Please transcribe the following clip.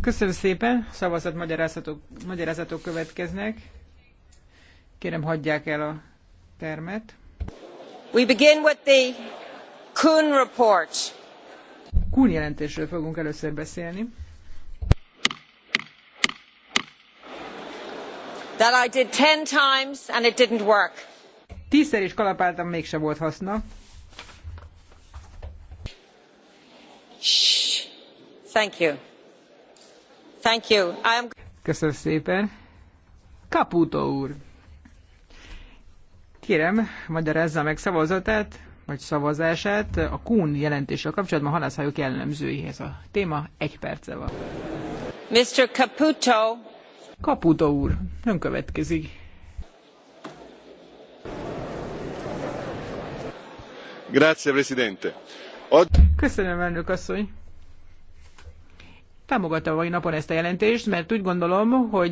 Köszönöm szépen, szavazatmagyarázatok következnek. Kérem, hagyják el a termet. We begin with the Kuhn report. Kuhn jelentésről fogunk először beszélni. That I did ten times and it didn't work. is kalapáltam, mégsem volt haszna. Köszönöm szépen. Caputo úr. Kérem, magyarázza meg szavazatát, vagy szavazását a Kuhn jelentéssel kapcsolatban halászhajók jellemzőihez. A téma egy perce van. Mr. Caputo. Caputo úr, ön következik. Grazie, Presidente. Köszönöm, elnök asszony. Támogatta a mai napon ezt a jelentést, mert úgy gondolom, hogy